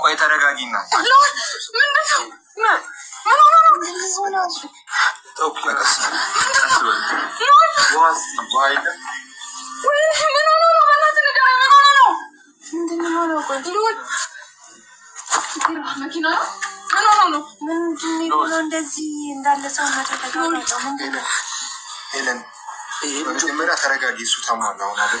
ቆይ ተረጋጊና እንደዚህ መጀመሪያ ተረጋጊ። እሱ ተሟላ አሁን አይደል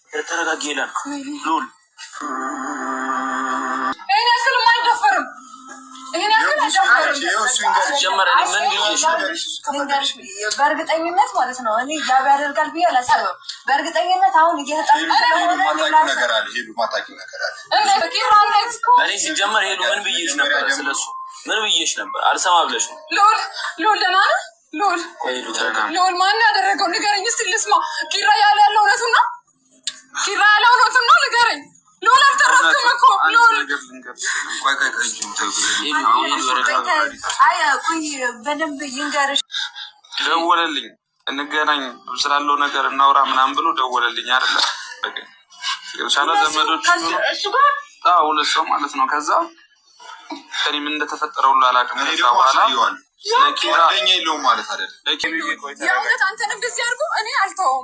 ተረጋጊ ይላል ሉል ይህን ያክል አይደፈርም። ይህን ያክል በእርግጠኝነት ማለት ነው እኔ ጋብ ያደርጋል ብዬ አላሰብም። በእርግጠኝነት አሁን እኔ ሲጀመር ሄዱ ምን ብዬሽ ነበር? ስለሱ ምን ብዬሽ ነበር? አልሰማ ብለሽ ነው ሉል ሉል ደህና ነህ ሉል ሉል ማን ያደረገው ንገረኝ እስኪ ልስማ። ኪራ ያለ ያለው እውነቱን ነው ኪራ ያለ እውነቱን ነው። ንገረኝ። ልዑል አልተረፍክም እኮ በደንብ ይንገርሽ። ደወለልኝ፣ እንገናኝ ስላለው ነገር እናውራ ምናምን ብሎ ደወለልኝ አለ ሻላ ዘመዶች ሁለት ሰው ማለት ነው። ከዛ እኔ ምን እንደተፈጠረ ሁሉ አላውቅም። ከዛ በኋላ ለኪራ ለኪራ የእውነት አንተን እንደዚህ አድርጎ እኔ አልተውም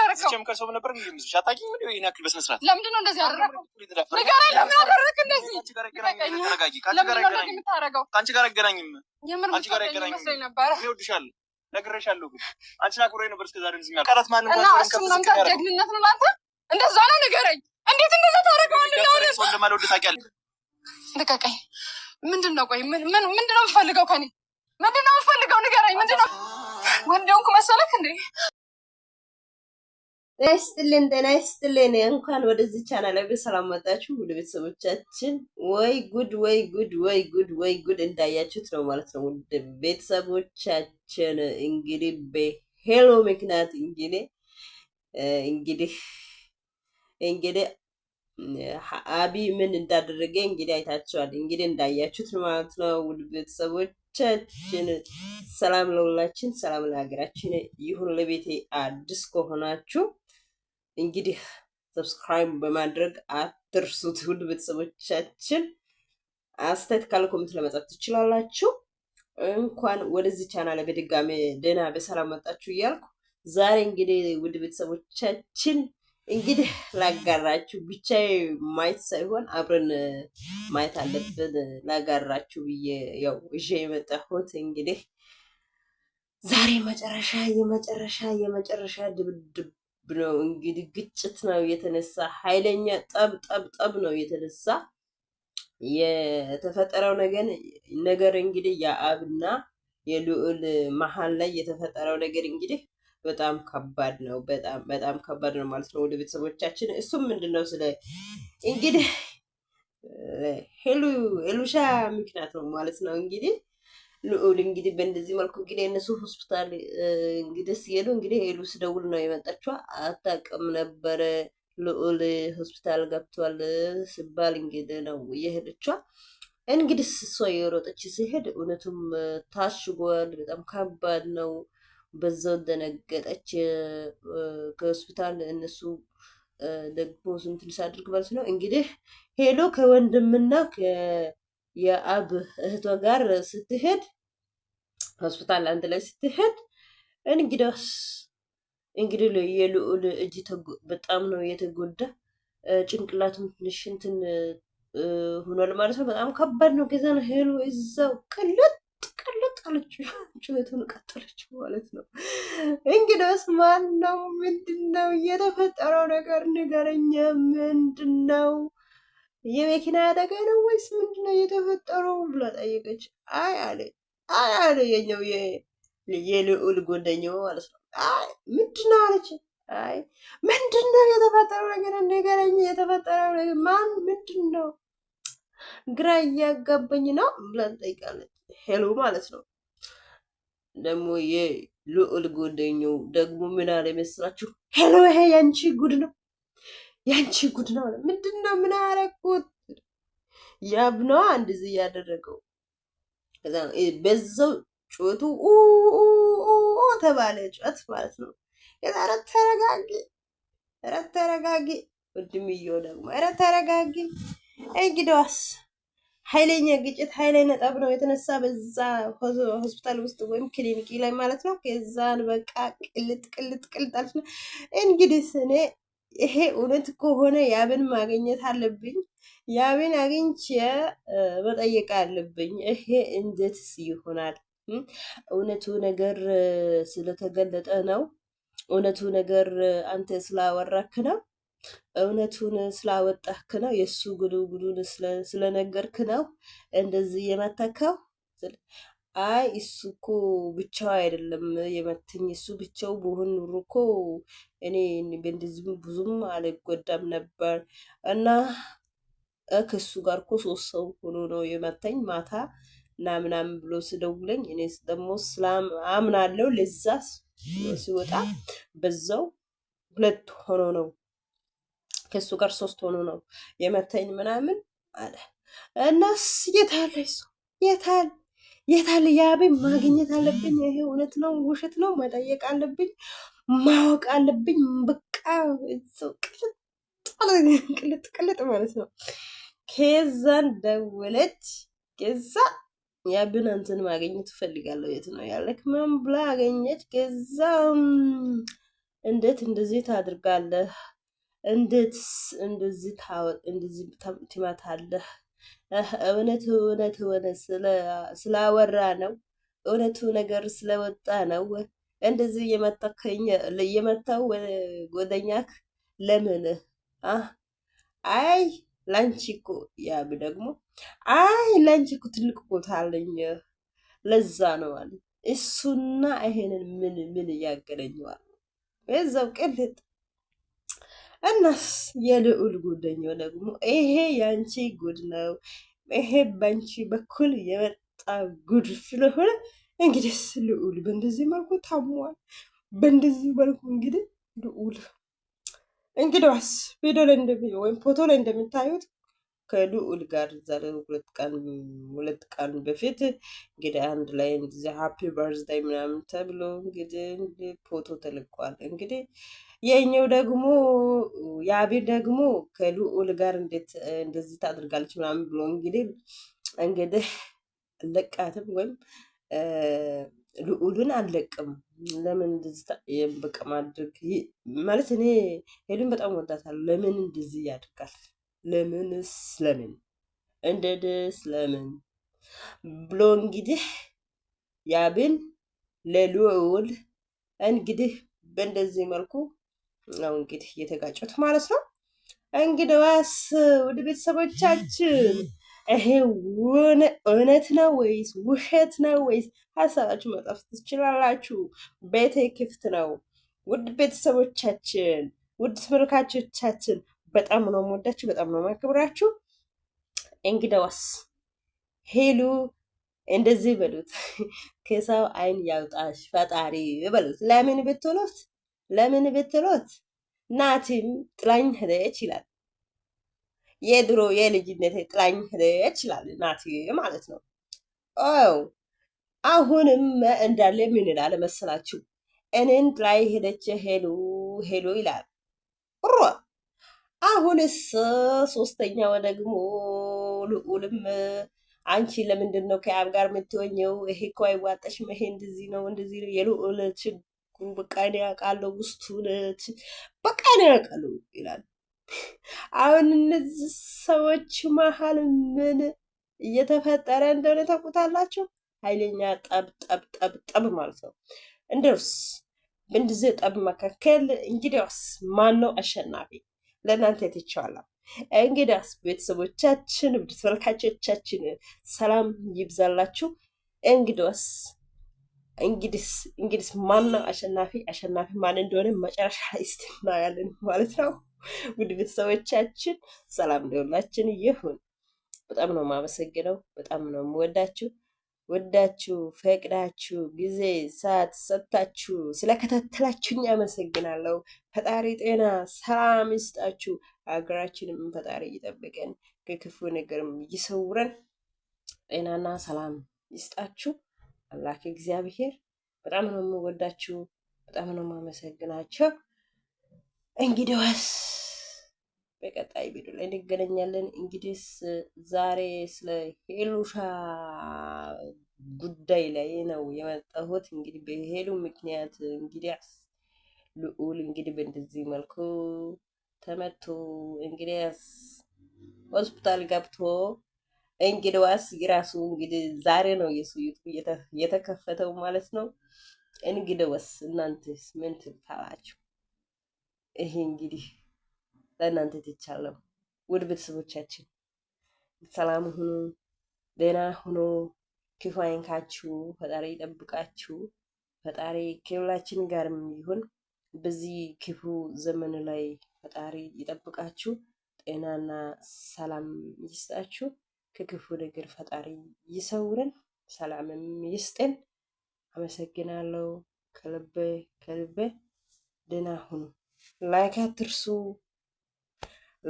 እንደዚህ ያደረገው? መቼም ከሰው ነበር እንደ እንደዚህ ነበር። እወድሻለሁ፣ ነግሬሻለሁ። እንደዛ ነው ንገረኝ። እንዴት እንደዛ ታደርገዋለህ? ልቀቀኝ። ምንድን ነው ቆይ፣ ምንድን ነው የምፈልገው? ከእኔ ምንድን ነው የምፈልገው? ንገረኝ። ምንድን ነው ወንድ ሆንኩ መሰለህ እንዴ? ጤና ይስጥልን፣ ጤና ይስጥልን። እንኳን ወደዚህ ቻናል በሰላም መጣችሁ ውድ ቤተሰቦቻችን። ወይ ጉድ፣ ወይ ጉድ፣ ወይ ጉድ፣ ወይ ጉድ እንዳያችሁት ነው ማለት ነው ውድ ቤተሰቦቻችን። እንግዲህ በሄሉ ምክንያት እንግዲህ እንግዲህ እንግዲህ አቢ ምን እንዳደረገ እንግዲህ አይታችኋል። እንግዲህ እንዳያችሁት ማለት ነው ውድ ቤተሰቦቻችን። ሰላም ለሁላችን፣ ሰላም ለሀገራችን ይሁን። ለቤቴ አዲስ ከሆናችሁ እንግዲህ ሰብስክራይብ በማድረግ አትርሱት። ውድ ቤተሰቦቻችን አስተያየት ካለ ኮሜንት ለመጻፍ ትችላላችሁ። እንኳን ወደዚህ ቻናል በድጋሚ ደህና በሰላም መጣችሁ እያልኩ ዛሬ እንግዲህ ውድ ቤተሰቦቻችን እንግዲህ ላጋራችሁ ብቻ ማየት ሳይሆን አብረን ማየት አለብን። ላጋራችሁ ብዬ ያው እዤ የመጣሁት እንግዲህ ዛሬ መጨረሻ የመጨረሻ የመጨረሻ ድብድብ ብሎ እንግዲህ ግጭት ነው የተነሳ ኃይለኛ ጠብ ጠብ ጠብ ነው የተነሳ የተፈጠረው ነገር ነገር እንግዲህ የአብና የልዑል መሀል ላይ የተፈጠረው ነገር እንግዲህ በጣም ከባድ ነው። በጣም በጣም ከባድ ነው ማለት ነው። ወደ ቤተሰቦቻችን እሱም ምንድን ነው ስለ እንግዲህ ሄሉ ሄሉሻ ምክንያት ነው ማለት ነው እንግዲህ ልዑል እንግዲህ በእንደዚህ መልኩ እንግዲህ እነሱ ሆስፒታል እንግዲህ ሲሄዱ እንግዲህ ሄሉ ስደውል ነው የመጣችው። አታውቅም ነበረ ልዑል ሆስፒታል ገብቷል ሲባል እንግዲህ ነው የሄደችው። እንግዲህ እሷ የሮጠች ሲሄድ እውነቱም ታሽጓል። በጣም ከባድ ነው። በዛው ደነገጠች። ከሆስፒታል እነሱ ደግሞ እንትን አድርግ ማለት ነው እንግዲህ ሄሎ ከወንድምና የአብ እህቷ ጋር ስትሄድ ሆስፒታል አንድ ላይ ስትሄድ እንግዲስ እንግዲህ የልዑል እጅ በጣም ነው የተጎዳ። ጭንቅላቱም ትንሽ እንትን ሆኗል ማለት ነው። በጣም ከባድ ነው። ገዛ ነው ሄሉ እዛው ቅልጥ ቅልጥ አለች፣ ጩኸቱን ቀጠለች ማለት ነው። እንግዲስ ማን ነው? ምንድን ነው የተፈጠረው ነገር? ንገረኛ ምንድን ነው? የመኪና አደጋ ነው ወይስ ምንድነው የተፈጠረው ብላ ጠየቀች። አይ አለ አይ አለ የኛው የልዑል ጓደኛው ማለት ነው። አይ ምንድነው አለች። አይ ምንድነው የተፈጠረው ነገር ንገረኝ፣ የተፈጠረው ነገር ማን ምንድነው ግራ እያጋባኝ ነው ብላ ትጠይቃለች። ሄሎ ማለት ነው። ደግሞ የልዑል ጓደኛው ደግሞ ምን አለ ይመስላችሁ? ሄሎ ይሄ ያንቺ ጉድ ነው ያንቺ ጉድ ነው። ምንድን ነው ምን አረኩት? ያብነዋ እንደዚህ እያደረገው በዛው ጩኸቱ ተባለ ጩኸት ማለት ነው። ከዛ ኧረ ተረጋጊ፣ ኧረ ተረጋጊ ወንድምየው ደግሞ ኧረ ተረጋጊ። እንግዲዋስ ኃይለኛ ግጭት ኃይለኛ ነጠብ ነው የተነሳ በዛ ሆስፒታል ውስጥ ወይም ክሊኒክ ላይ ማለት ነው። ከዛን በቃ ቅልጥ ቅልጥ ቅልጥ አለች። እንግዲህ እኔ ይሄ እውነት ከሆነ ያብን ማግኘት አለብኝ። ያብን አግኝቼ መጠየቅ አለብኝ። ይሄ እንዴትስ ይሆናል? እውነቱ ነገር ስለተገለጠ ነው። እውነቱ ነገር አንተ ስላወራክ ነው። እውነቱን ስላወጣክ ነው። የእሱ ጉዱጉዱን ስለነገርክ ነው እንደዚህ የመተከው አይ እሱ እኮ ብቻው አይደለም የመተኝ እሱ ብቻው በሆን ኑሮ እኮ እኔ በእንደዚህም ብዙም አልጎዳም ነበር እና ከሱ ጋር እኮ ሶስት ሰው ሆኖ ነው የመተኝ ማታ ናምናም ብሎ ስደውለኝ እኔ ደግሞ አምናለው ለዛ ሲወጣ በዛው ሁለት ሆኖ ነው ከሱ ጋር ሶስት ሆኖ ነው የመተኝ ምናምን አለ። እናስ የታለ ሰው የታል የታለ የአቤን ማግኘት አለብኝ። ይሄ እውነት ነው ውሸት ነው መጠየቅ አለብኝ ማወቅ አለብኝ። በቃ ቅልጥ ቅልጥ ማለት ነው። ከዛን ደወለች። ከዛ የአቤን አንተን ማግኘት እፈልጋለሁ የት ነው ያለክ? ምን ብላ አገኘች። ከዛ እንዴት እንደዚህ ታድርጋለህ? እንዴት እንደዚህ ታወጥ እንደዚህ ትመታለህ እውነቱ እውነት እውነት ስላወራ ነው እውነቱ ነገር ስለወጣ ነው። እንደዚህ እየመጣከኝ እየመጣው ወደኛክ ለምን አይ ላንቺ እኮ ያብ ደግሞ አይ ላንቺ እኮ ትልቅ ቦታ አለኝ ለዛ ነው አለ እሱና ይሄንን ምን ምን እያገናኘዋል? በዛው ቅልጥ እናስ የልዑል ጉደኛው ደግሞ ይሄ የአንቺ ጉድ ነው፣ ይሄ በአንቺ በኩል የመጣ ጉድ ስለሆነ እንግዲህስ ልዑል በእንደዚህ መልኩ ታሟል። በእንደዚህ መልኩ እንግዲህ ልዑል እንግዲዋስ ቪዲዮ ላይ ወይም ፎቶ ላይ እንደሚታዩት ከልዑል ጋር ዛሬ ሁለት ቀን ሁለት ቀን በፊት እንግዲህ አንድ ላይ እንደዚህ ሀፒ በርዝዳይ ምናምን ተብሎ እንግዲህ ፎቶ ተልቋል። እንግዲህ የኛው ደግሞ የአቤል ደግሞ ከልዑል ጋር እንዴት እንደዚህ ታደርጋለች ምናምን ብሎ እንግዲህ እንግዲህ አለቃትም ወይም ልዑሉን አለቅም ለምን እንደዚህ በቃ ማድረግ ማለት እኔ ሄሉን በጣም ወዳታለሁ። ለምን እንደዚህ ያደርጋል? ለምንስ ለምን ደስ ለምን ብሎ እንግዲህ ያብን ለልዑል እንግዲህ በእንደዚህ መልኩ ነው እንግዲህ የተጋጩት ማለት ነው። እንግዲዋስ ወደ ቤተሰቦቻችን ይሄ እውነት ነው ወይስ ውሸት ነው ወይስ? ሀሳባችሁ መጻፍ ትችላላችሁ። ቤቴ ክፍት ነው። ውድ ቤተሰቦቻችን፣ ውድ ተመልካቾቻችን በጣም ነው የምወዳችሁ፣ በጣም ነው የማከብራችሁ። እንግዳዋስ ሄሉ እንደዚህ በሉት፣ ከሰው አይን ያውጣሽ ፈጣሪ በሉት። ለምን ብትሉት ለምን ብትሉት ናቲም ጥላኝ ሄደች ይላል። የድሮ የልጅነት ጥላኝ ሄደች ይላል ናቲ ማለት ነው። ኦው አሁንም እንዳለ ምን ይላል መሰላችሁ? እኔን ጥላይ ሄደች ሄሉ ሄሉ ይላል ሮ አሁንስ ሶስተኛው ደግሞ ልዑልም አንቺ ለምንድን ነው ከያብ ጋር የምትወኘው ይሄ እኮ አይዋጠሽም፣ ይሄ እንደዚህ ነው እንደዚህ ነው። የልዑል ችግሩ በቃ እኔ አውቃለሁ፣ ውስጡ በቃ እኔ አውቃለሁ ይላል። አሁን እነዚህ ሰዎች መሀል ምን እየተፈጠረ እንደሆነ ታውቁታላችሁ። ኃይለኛ ጠብ ጠብ ጠብ ጠብ ማለት ነው። እንደርስ በእንደዚህ ጠብ መካከል እንግዲያውስ ማን ነው አሸናፊ? ለእናንተ ትቼዋለሁ። እንግዲያስ ቤተሰቦቻችን፣ ውድ ተመልካቾቻችን ሰላም ይብዛላችሁ። እንግዲስ እንግዲስ እንግዲስ ማነው አሸናፊ? አሸናፊ ማን እንደሆነ መጨረሻ እስቲ እናያለን ማለት ነው። ውድ ቤተሰቦቻችን ሰላም ሊሆንላችን ይሁን። በጣም ነው የማመሰግነው። በጣም ነው የምወዳችሁ። ወዳችሁ ፈቅዳችሁ ጊዜ ሰዓት ሰጥታችሁ ስለከታተላችሁኝ አመሰግናለሁ። ፈጣሪ ጤና ሰላም ይስጣችሁ። ሀገራችንም ፈጣሪ ይጠብቀን፣ ከክፉ ነገርም ይሰውረን። ጤናና ሰላም ይስጣችሁ። አምላክ እግዚአብሔር በጣም ነው የምወዳችሁ፣ በጣም ነው የማመሰግናቸው። እንግዲህ ዋስ በቀጣይ ቪዲዮ ላይ እንገናኛለን። እንግዲህ ዛሬ ስለ ሄሉሻ ጉዳይ ላይ ነው የመጣሁት። እንግዲህ በሄሉ ምክንያት እንግዲህ ልዑል እንግዲህ በእንደዚህ መልኩ ተመቶ እንግዲህ ሆስፒታል ገብቶ እንግዲዋስ የራሱ እንግዲህ ዛሬ ነው የሱ ዩቱብ የተከፈተው ማለት ነው። ወስ እናንተስ ምን ትላላችሁ? ይሄ እንግዲህ ለእናንተ ትቻለሁ። ውድ ቤተሰቦቻችን ሰላም ሁኑ፣ ደህና ሁኑ። ክፉ አይንካችሁ፣ ፈጣሪ ይጠብቃችሁ። ፈጣሪ ከሁላችን ጋርም ይሁን። በዚህ ክፉ ዘመን ላይ ፈጣሪ ይጠብቃችሁ፣ ጤናና ሰላም ይስጣችሁ። ከክፉ ነገር ፈጣሪ ይሰውረን፣ ሰላምም ይስጠን። አመሰግናለሁ ከልቤ ከልቤ። ደህና ሁኑ። ላይክ አትርሱ።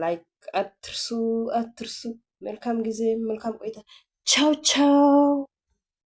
ላይክ አትርሱ አትርሱ። መልካም ጊዜ፣ መልካም ቆይታ። ቻው ቻው።